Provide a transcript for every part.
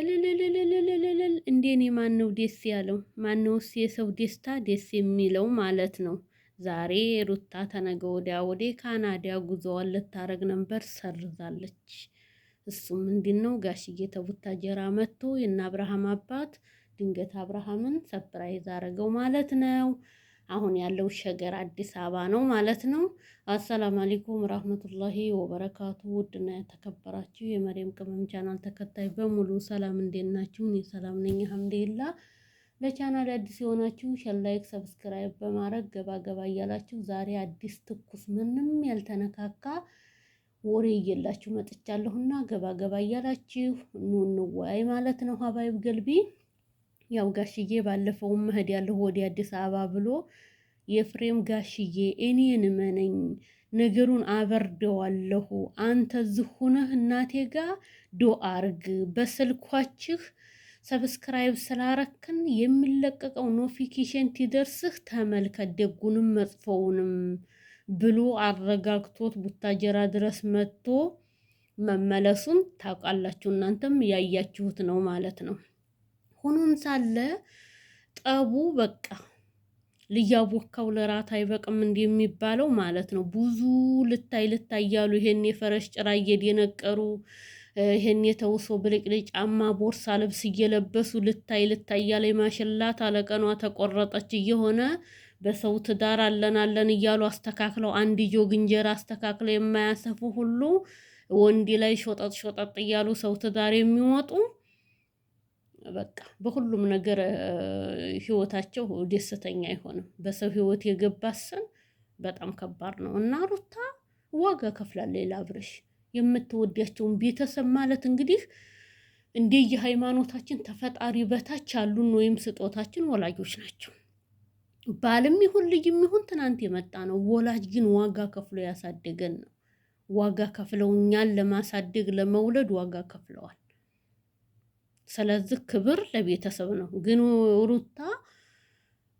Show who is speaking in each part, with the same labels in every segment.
Speaker 1: እልልልልልልልል እንዴኔ ማን ነው ደስ ያለው? ማን ነውስ የሰው ደስታ ደስ የሚለው ማለት ነው። ዛሬ ሩታ ተነገ ወዲያ ወደ ካናዳ ጉዞዋን ልታረግ ነበር፣ ሰርዛለች። እሱም ምንድን ነው ጋሽዬ ተቡታጀራ መጥቶ የእነ አብርሃም አባት ድንገት አብርሃምን ሰፕራይዝ አረገው ማለት ነው። አሁን ያለው ሸገር አዲስ አበባ ነው ማለት ነው። አሰላም አለይኩም ራህመቱላሂ ወበረካቱ። ውድና የተከበራችሁ የመሪም ቅመም ቻናል ተከታይ በሙሉ ሰላም እንዴት ናችሁ? እኔ ሰላም ነኝ አልሐምዱሊላህ። ለቻናል አዲስ የሆናችሁ ሸር፣ ላይክ፣ ሰብስክራይብ በማድረግ ገባ ገባ እያላችሁ ዛሬ አዲስ ትኩስ ምንም ያልተነካካ ወሬ እየላችሁ መጥቻለሁና ገባ ገባ እያላችሁ ኑ እንወያይ ማለት ነው ሀባይብ ገልቢ ያው ጋሽዬ ባለፈው መሄድ ያለሁ ወደ አዲስ አበባ ብሎ የፍሬም ጋሽዬ እኔን መነኝ ነገሩን አበርደዋለሁ። አንተ ዝሁነህ እናቴ ጋ ዶ አርግ በስልኳችህ ሰብስክራይብ ስላረክን የሚለቀቀው ኖቲፊኬሽን ትደርስህ ተመልከት፣ ደጉንም መጥፎውንም ብሎ አረጋግቶት ቡታጀራ ድረስ መጥቶ መመለሱን ታውቃላችሁ። እናንተም ያያችሁት ነው ማለት ነው። ሆኖም ሳለ ጠቡ በቃ ልያቦካው ለራት አይበቅም እንዲህ የሚባለው ማለት ነው። ብዙ ልታይ ልታይ እያሉ ይሄን የፈረስ ጭራ እየደነቀሩ ይሄን የተውሶ ብልጭልጭ ጫማ፣ ቦርሳ፣ ልብስ እየለበሱ ልታይ ልታይ እያለ ማሽላ አለቀኗ ተቆረጠች እየሆነ በሰው ትዳር አለን አለን እያሉ አስተካክለው አንድ ጆግ እንጀራ አስተካክለው የማያሰፉ ሁሉ ወንድ ላይ ሾጠጥ ሾጠጥ እያሉ ሰው ትዳር የሚወጡ በቃ በሁሉም ነገር ህይወታቸው ደስተኛ አይሆንም። በሰው ህይወት የገባሰን በጣም ከባድ ነው እና ሩታ ዋጋ ከፍላለች ለአብርሽ። የምትወዳቸውን ቤተሰብ ማለት እንግዲህ እንደ የሃይማኖታችን ተፈጣሪ በታች ያሉን ወይም ስጦታችን ወላጆች ናቸው። ባልም ይሁን ልጅ ይሁን ትናንት የመጣ ነው። ወላጅ ግን ዋጋ ከፍሎ ያሳደገን ነው። ዋጋ ከፍለው እኛን ለማሳደግ ለመውለድ ዋጋ ከፍለዋል። ስለዚህ ክብር ለቤተሰብ ነው። ግን ሩታ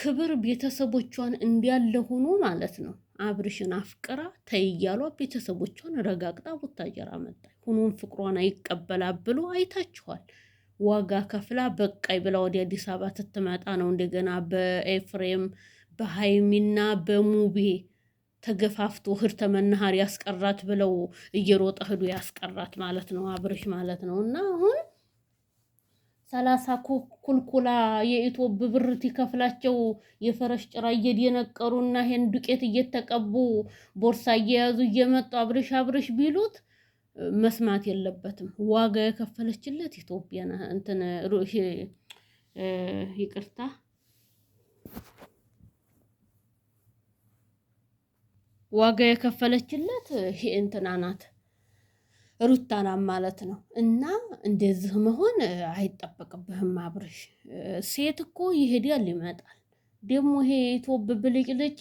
Speaker 1: ክብር ቤተሰቦቿን እንዲያለ ሆኖ ማለት ነው አብርሽን አፍቅራ ተይያሏ ቤተሰቦቿን ረጋግጣ ቡታጀራ መጣ። ሁኖም ፍቅሯን አይቀበላ ብሎ አይታችኋል። ዋጋ ከፍላ በቃይ ብላ ወደ አዲስ አበባ ትትመጣ ነው እንደገና በኤፍሬም በሃይሚና በሙቤ ተገፋፍቶ እህድ ተመናሃሪ ያስቀራት ብለው እየሮጠ ህዱ ያስቀራት ማለት ነው አብርሽ ማለት ነው እና አሁን ሰላሳ ኩልኩላ የኢትዮብ ብር ትከፍላቸው የፈረሽ ጭራ እየደነቀሩና ይሄን ዱቄት እየተቀቡ ቦርሳ እየያዙ እየመጡ አብርሽ አብርሽ ቢሉት መስማት የለበትም። ዋጋ የከፈለችለት ኢትዮጵያ እንትን ይቅርታ ዋጋ የከፈለችለት ይሄ እንትና ናት። ሩታናም ማለት ነው። እና እንደዚህ መሆን አይጠበቅብህም አብርሽ። ሴት እኮ ይሄዳል ይመጣል። ደግሞ ይሄ የኢትዮብ ብልጭ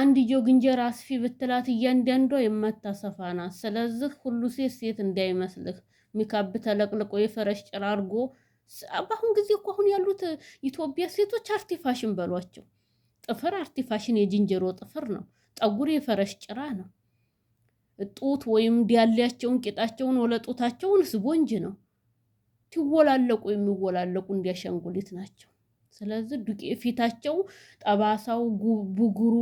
Speaker 1: አንድ ጆግ እንጀራ አስፊ ብትላት እያንዳንዷ የማታሰፋ ናት። ስለዚህ ሁሉ ሴት ሴት እንዳይመስልህ ሚካብ ተለቅልቆ የፈረሽ ጭራ አድርጎ በአሁን ጊዜ እኮ አሁን ያሉት ኢትዮጵያ ሴቶች አርቲፋሽን በሏቸው ጥፍር አርቲፋሽን የዝንጀሮ ጥፍር ነው። ጠጉር የፈረሽ ጭራ ነው። ጡት ወይም ዳሌያቸውን ቂጣቸውን ወለጡታቸውንስ ስቦንጅ ነው ሲወላለቁ የሚወላለቁ እንዲያሻንጉሊት ናቸው። ስለዚህ ዱቄ ፊታቸው ጠባሳው ቡጉሩ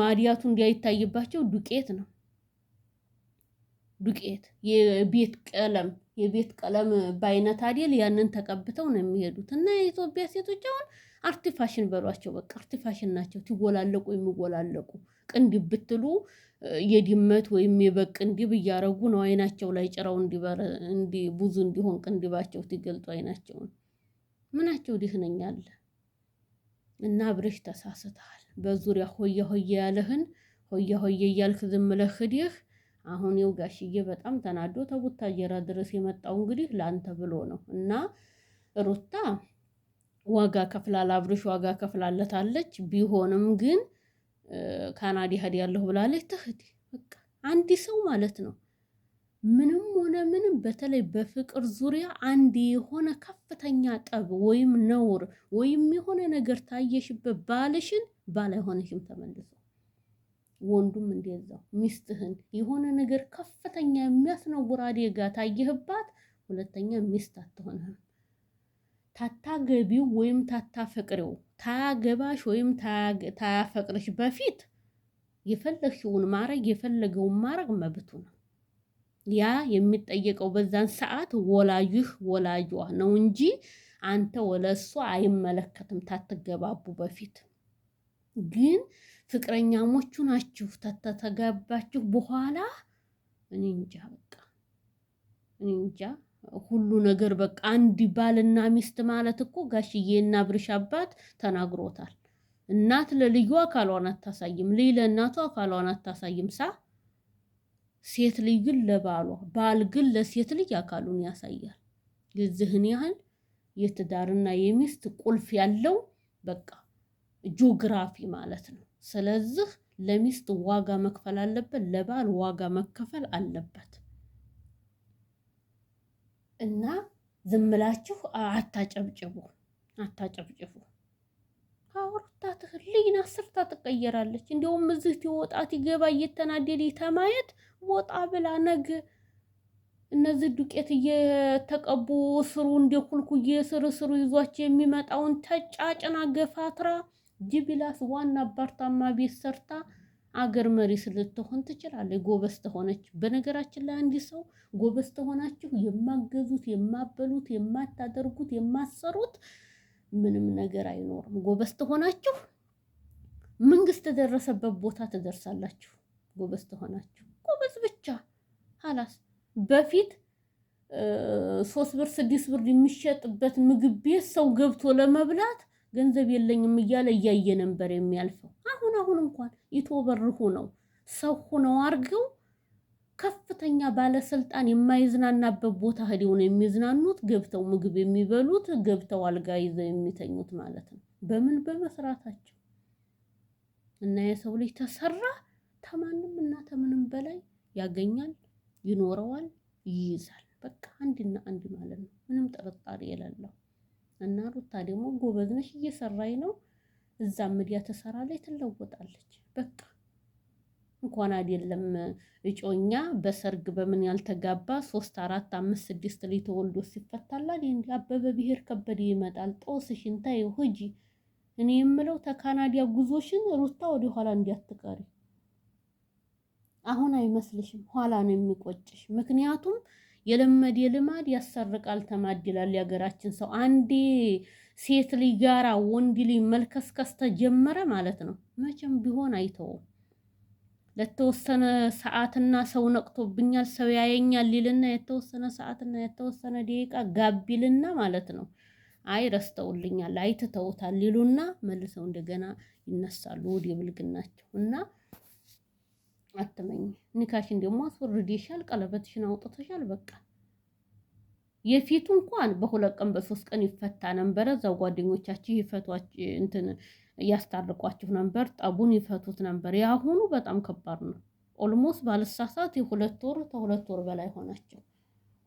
Speaker 1: ማዲያቱ እንዲያይታይባቸው ዱቄት ነው። ዱቄት የቤት ቀለም የቤት ቀለም በአይነት አይደል ያንን ተቀብተው ነው የሚሄዱት እና የኢትዮጵያ ሴቶች አሁን አርቲፋሽን በሏቸው። በቃ አርቲፋሽን ናቸው። ትወላለቁ የሚወላለቁ ቅንድብ ብትሉ የድመት ወይም የበግ ቅንድብ እያረጉ ነው አይናቸው ላይ ጭራው እንዲ ብዙ እንዲሆን ቅንድባቸው ትገልጡ አይናቸውን ምናቸው ድህነኛል እና ብረሽ ተሳስተሃል። በዙሪያ ሆያ ሆየ ያለህን ሆያ ሆየ እያልክ ዝም ብለህ ሂደህ አሁን ይኸው ጋሽዬ በጣም ተናዶ ጀራ ድረስ የመጣው እንግዲህ ለአንተ ብሎ ነው እና ሩታ ዋጋ ከፍላ ለአብርሽ ዋጋ ከፍላለታለች። ቢሆንም ግን ካናዲ ያለሁ ብላለች። ትሂድ በቃ አንድ ሰው ማለት ነው ምንም ሆነ ምንም በተለይ በፍቅር ዙሪያ አንድ የሆነ ከፍተኛ ጠብ ወይም ነውር ወይም የሆነ ነገር ታየሽበት ባልሽን ባል አይሆንሽም ተመልሶ። ወንዱም እንደዛው ሚስትህን የሆነ ነገር ከፍተኛ የሚያስነውር አደጋ ታየህባት፣ ሁለተኛ ሚስት አትሆንህም። ታታገቢው ወይም ታታፈቅሪው ታገባሽ ወይም ታያፈቅርሽ በፊት የፈለግሽውን ማድረግ የፈለገውን ማድረግ መብቱ ነው። ያ የሚጠየቀው በዛን ሰዓት ወላጅህ ወላጇ ነው እንጂ አንተ ወለሱ አይመለከትም። ታትገባቡ በፊት ግን ፍቅረኛሞቹ ናችሁ ታተጋባችሁ በኋላ እኔ እንጃ በቃ እኔ እንጃ። ሁሉ ነገር በቃ አንድ ባልና ሚስት ማለት እኮ ጋሽዬ እና ብርሽ አባት ተናግሮታል። እናት ለልዩ አካሏን አታሳይም፣ ልይ ለእናቱ አካሏን አታሳይም። ሳ ሴት ልጅ ግን ለባሏ፣ ባል ግን ለሴት ልጅ አካሉን ያሳያል። የዚህን ያህል የትዳርና የሚስት ቁልፍ ያለው በቃ ጂኦግራፊ ማለት ነው። ስለዚህ ለሚስት ዋጋ መክፈል አለበት፣ ለባል ዋጋ መከፈል አለበት። እና ዝምላችሁ አታጨብጭቡ፣ አታጨብጭቡ። አውርታትህ ልይን አስርታ ትቀየራለች። እንዲሁም እዚህ ትወጣት ይገባ እየተናደድ ተማየት ወጣ ብላ ነገ እነዚህ ዱቄት እየተቀቡ ስሩ እንደ ኩልኩዬ ስር ስሩ ይዟቸው የሚመጣውን ተጫጭና ገፋትራ ጅቢላስ ዋና አባርታማ ቤት ሰርታ አገር መሪ ልትሆን ትችላለች፣ ጎበዝ ተሆነች። በነገራችን ላይ አንድ ሰው ጎበዝ ተሆናችሁ የማገዙት የማበሉት፣ የማታደርጉት፣ የማሰሩት ምንም ነገር አይኖርም። ጎበዝ ተሆናችሁ መንግስት የደረሰበት ቦታ ትደርሳላችሁ። ጎበዝ ተሆናችሁ ጎበዝ ብቻ ሀላስ በፊት ሶስት ብር ስድስት ብር የሚሸጥበት ምግብ ቤት ሰው ገብቶ ለመብላት ገንዘብ የለኝም እያለ እያየ ነበር የሚያልፈው። አሁን አሁን እንኳን ይቶበርሁ ነው ሰው ሁነው አርገው ከፍተኛ ባለስልጣን የማይዝናናበት ቦታ ሄደው ነው የሚዝናኑት፣ ገብተው ምግብ የሚበሉት፣ ገብተው አልጋ ይዘው የሚተኙት ማለት ነው። በምን በመስራታቸው እና የሰው ልጅ ተሰራ ተማንም እና ተምንም በላይ ያገኛል፣ ይኖረዋል፣ ይይዛል። በቃ አንድና አንድ ማለት ነው። ምንም ጥርጣሬ የሌለው እና ሩታ ደግሞ ጎበዝ ነሽ፣ እየሰራኝ ነው። እዛ ሚዲያ ትሰራለች፣ ትለወጣለች። በቃ እንኳን አይደለም እጮኛ በሰርግ በምን ያልተጋባ ሶስት አራት አምስት ስድስት ላይ ተወልዶ ሲፈታላል። እንዲ አበበ ብሔር ከበደ ይመጣል። ጦስሽን ሽንታ ሂጂ። እኔ የምለው ተካናዲያ ጉዞሽን ሩታ ወደ ኋላ እንዲያትቀሪ አሁን አይመስልሽም? ኋላ ነው የሚቆጭሽ ምክንያቱም የለመደ ልማድ ያሰርቃል ተማድ የሀገራችን ሰው። አንዴ ሴት ልጅ ጋራ ወንድ ልጅ መልከስከስ ተጀመረ ማለት ነው፣ መቼም ቢሆን አይተውም። ለተወሰነ ሰዓትና ሰው ነቅቶብኛል፣ ሰው ያየኛል ሊልና የተወሰነ ሰዓትና የተወሰነ ደቂቃ ጋቢልና ማለት ነው አይ ረስተውልኛል፣ አይትተውታል ሊሉና መልሰው እንደገና ይነሳሉ ውድ ብልግናቸው እና አትመኝ። ንካሽን ደግሞ አስወርደሻል፣ ቀለበትሽን አውጥተሻል። በቃ የፊቱ እንኳን በሁለት ቀን በሶስት ቀን ይፈታ ነበረ። እዛው ጓደኞቻችሁ ይፈቷች እንትን ያስታርቋችሁ ነበር፣ ጠቡን ይፈቱት ነበር። የአሁኑ በጣም ከባድ ነው። ኦልሞስት ባልሳሳት የሁለት ወር ተሁለት ወር በላይ ሆናቸው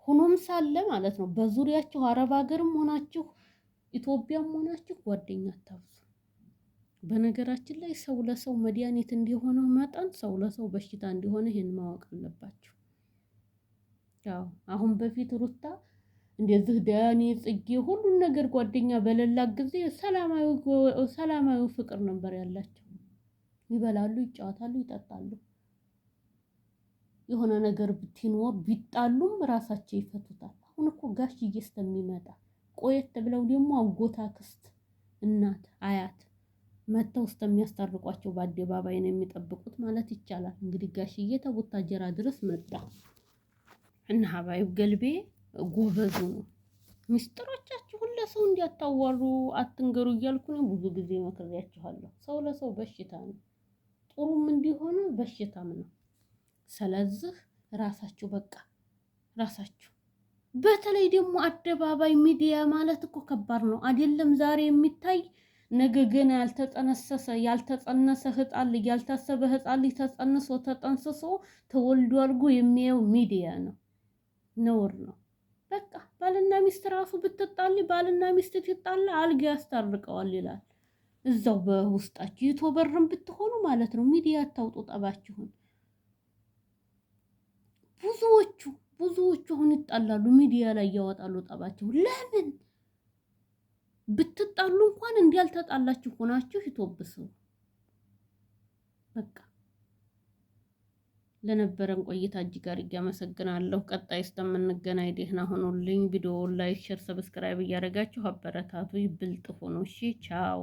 Speaker 1: ሆኖም ሳለ ማለት ነው በዙሪያችሁ አረብ ሀገርም ሆናችሁ ኢትዮጵያም ሆናችሁ ጓደኛ አታብዙ። በነገራችን ላይ ሰው ለሰው መድሃኒት እንዲሆነው መጠን ሰው ለሰው በሽታ እንዲሆነ ይሄን ማወቅ አለባችሁ። ያው አሁን በፊት ሩታ እንደዚህ ዳኒ ጽጌ ሁሉን ነገር ጓደኛ በሌላ ጊዜ ሰላማዊ ፍቅር ነበር ያላቸው። ይበላሉ፣ ይጫወታሉ፣ ይጠጣሉ። የሆነ ነገር ብትኖር ቢጣሉም ራሳቸው ይፈቱታል። አሁን እኮ ጋሽዬ እስከሚመጣ ቆየት ብለው ደግሞ አጎታ፣ ክስት፣ እናት፣ አያት መጥተው እስከሚያስታርቋቸው በአደባባይ ነው የሚጠብቁት ማለት ይቻላል። እንግዲህ ጋሽዬ ተቡታጀራ ድረስ መጣ እና ሀባይብ ገልቤ ጎበዙ ነው። ሚስጥሮቻችሁን ለሰው እንዲያታዋሩ አትንገሩ እያልኩ ነው ብዙ ጊዜ መክሬያችኋለሁ። ሰው ለሰው በሽታ ነው፣ ጥሩም እንዲሆኑ በሽታም ነው። ስለዚህ ራሳችሁ በቃ ራሳችሁ በተለይ ደግሞ አደባባይ ሚዲያ ማለት እኮ ከባድ ነው አይደለም? ዛሬ የሚታይ ነገ ገና ያልተጠነሰሰ ያልተጸነሰ ህፃን ልጅ ያልታሰበ ህፃን ልጅ ተጸንሶ ተጠንስሶ ተወልዶ አድርጎ የሚያየው ሚዲያ ነው። ነውር ነው። በቃ ባልና ሚስት ራሱ ብትጣል ባልና ሚስት ትጣላ አልጋ ያስታርቀዋል ይላል። እዛው በውስጣችሁ ይቶበርም ብትሆኑ ማለት ነው። ሚዲያ አታውጡ ጠባችሁን። ብዙዎቹ ብዙዎቹ አሁን ይጣላሉ፣ ሚዲያ ላይ ያወጣሉ ጠባችሁን። ለምን ብትጣሉ እንኳን እንዲያልተጣላችሁ ሆናችሁ ይቶብሱ። በቃ ለነበረን ቆይታ እጅ ጋር እያመሰግናለሁ ቀጣይ እስከምንገናኝ ደህና ሆኖልኝ። ቪዲዮውን ላይክ፣ ሸር፣ ሰብስክራይብ እያደረጋችሁ አበረታቱ። ብልጥ ሆኖ እሺ፣ ቻው።